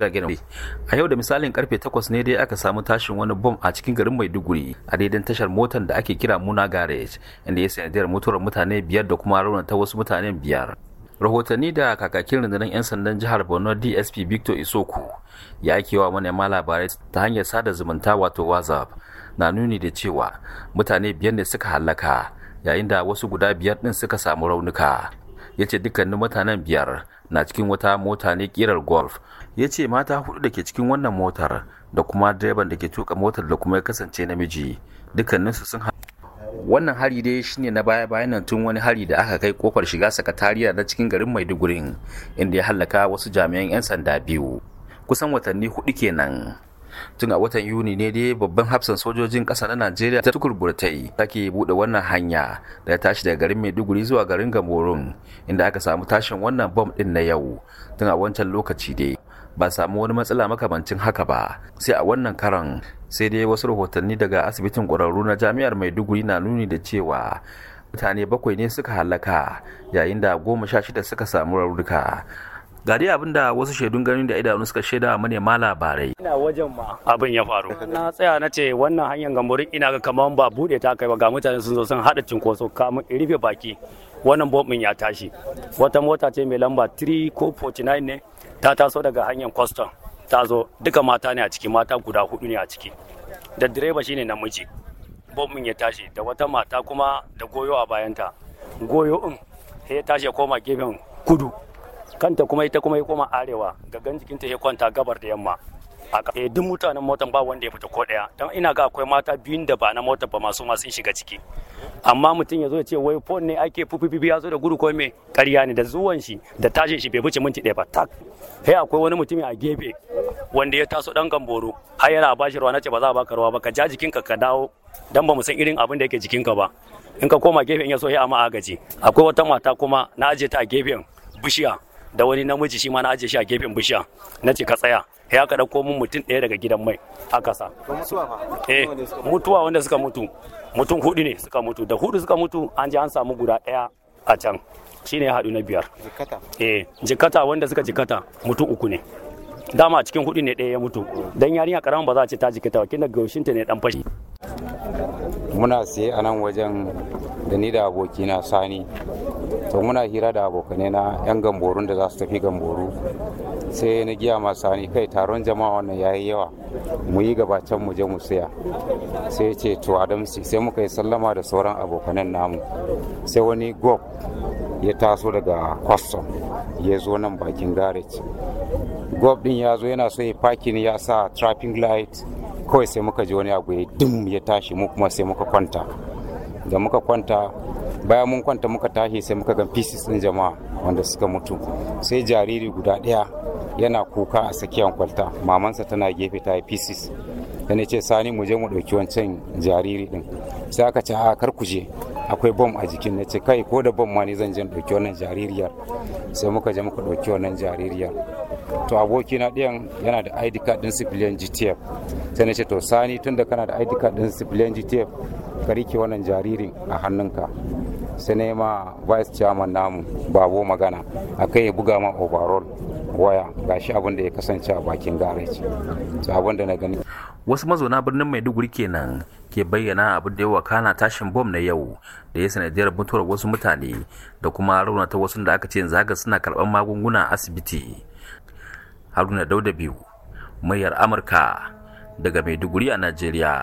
a yau da misalin karfe 8 ne dai aka samu tashin wani bom a cikin garin maiduguri a daidan tashar motar da ake kira muna garage inda ya sanadiyar mutuwar mutane biyar da kuma raunata wasu mutanen biyar rahotanni da kakakin rundunar 'yan sandan jihar borno dsp victor isoku ya ake wa manema labarai ta hanyar sada zumunta wato whatsapp na nuni da cewa mutane biyar ne suka hallaka yayin da wasu guda biyar din suka samu raunuka ya ce dukkanin mutanen biyar na cikin wata mota ne kirar golf ya ce mata hudu da ke cikin wannan motar da kuma direban da ke tuka motar da kuma ya kasance namiji dukkaninsu sun wannan hari dai shine na baya bayan nan tun wani hari da aka kai kofar shiga sakatariya na cikin garin maiduguri inda ya hallaka wasu jami'an 'yan sanda biyu kusan watanni hudu kenan tun a watan yuni ne dai babban hafsan sojojin ƙasa na najeriya ta tukur burtai take buɗe wannan hanya da ya tashi daga garin maiduguri zuwa garin gamorun inda aka samu tashin wannan bom ɗin na yau tun a wancan lokaci dai ba samu wani matsala makamancin haka ba sai a wannan karan sai dai wasu rahotanni daga asibitin ƙwararru na jami'ar maiduguri na nuni da cewa mutane bakwai ne suka halaka yayin da goma sha shida suka samu raunuka ga dai abin da wasu shaidun ganin da idanu suka shaida ma labarai ina wajen ma abin ya faru na tsaya na ce wannan hanyar gamburin ina ga kamar ba bude ta kai ba ga mutane sun zo sun hada cinkoso kamun rufe baki wannan bombin ya tashi wata mota ce mai lamba 3 ko 49 ne ta taso daga hanyar kwastam ta zo duka mata ne a ciki mata guda hudu ne a ciki da direba shine namiji bombin ya tashi da wata mata kuma da goyo a bayanta goyo in sai ya tashi ya koma gefen kudu kanta kuma ita kuma ya koma arewa gangan jikinta ya kwanta gabar da yamma a eh, duk mutanen motan ba wanda ya fita ko daya don ina ga akwai mata biyun da ba na mota ba masu masu shiga ciki amma mutum ya zo ya ce wai fon ne ake fufufufu ya zo da gudu ko me ƙarya ne da zuwan shi da tashin shi bai wuce minti ɗaya ba tak sai akwai wani mutumi a gefe wanda ya taso dan gamboro har yana bashi ruwa nace ba za a baka ruwa ba ka ja jikinka ka dawo dan ba mu san irin abin da yake jikinka ba in ka koma gefen ya so ya ama agaji akwai wata mata kuma na aje ta a gefen bishiya da wani namiji shi ma na ajiye shi a gefen bishiya na ce ka tsaya ya ka ɗauko min mutum ɗaya daga gidan mai aka sa eh mutuwa wanda suka mutu mutum hudu ne suka mutu da hudu suka mutu an je an samu guda ɗaya a can shine ya haɗu na biyar eh jikata wanda suka jikata mutum uku ne dama a cikin hudu ne ɗaya ya mutu dan yarinya ƙaramin ba za a ce ta jikata ba kina gaushinta ne dan fashi muna siye a nan wajen da ni da abokina sani to muna hira da abokanai na yan gamborun da za su tafi gamboru sai na giya masu sani kai taron jama'a wannan ya yi yawa mu yi gabacen mu je mu siya sai ya ce to adamsi sai muka yi sallama da sauran abokanan namu sai wani gob ya taso daga kwastom ya zo nan bakin garage gob din ya zo yana so ya fakin ya sa trapping light kawai sai muka ji wani abu ya dum ya tashi mu kuma sai muka kwanta da muka kwanta bayan mun kwanta muka tashi sai muka ga pieces din jama'a wanda suka mutu sai jariri guda ɗaya yana kuka a tsakiyar kwalta mamansa tana gefe ta yi pieces da ce sani mu je mu ɗauki wancan jariri din sai aka ce a kar ku je akwai bom a jikin na ce kai ko da bom ma ne zan je ɗauki wannan jaririyar sai muka je muka ɗauki wannan jaririyar to aboki na ɗayan yana da id card ɗin civilian gtf sai na ce to sani tunda da kana da id card ɗin civilian gtf ka rike wannan jaririn a hannunka sai na ma vice chairman namu babo magana a kai ya buga ma overall waya gashi abin da ya kasance a bakin gareji to abin da na gani wasu mazauna birnin maiduguri kenan ke bayyana abin da ya wakana tashin bom na yau da ya sanadiyar mutuwar wasu mutane da kuma raunata wasu da aka ce zaga suna karɓar magunguna asibiti haruna dauda biyu mayar amurka daga maiduguri a najeriya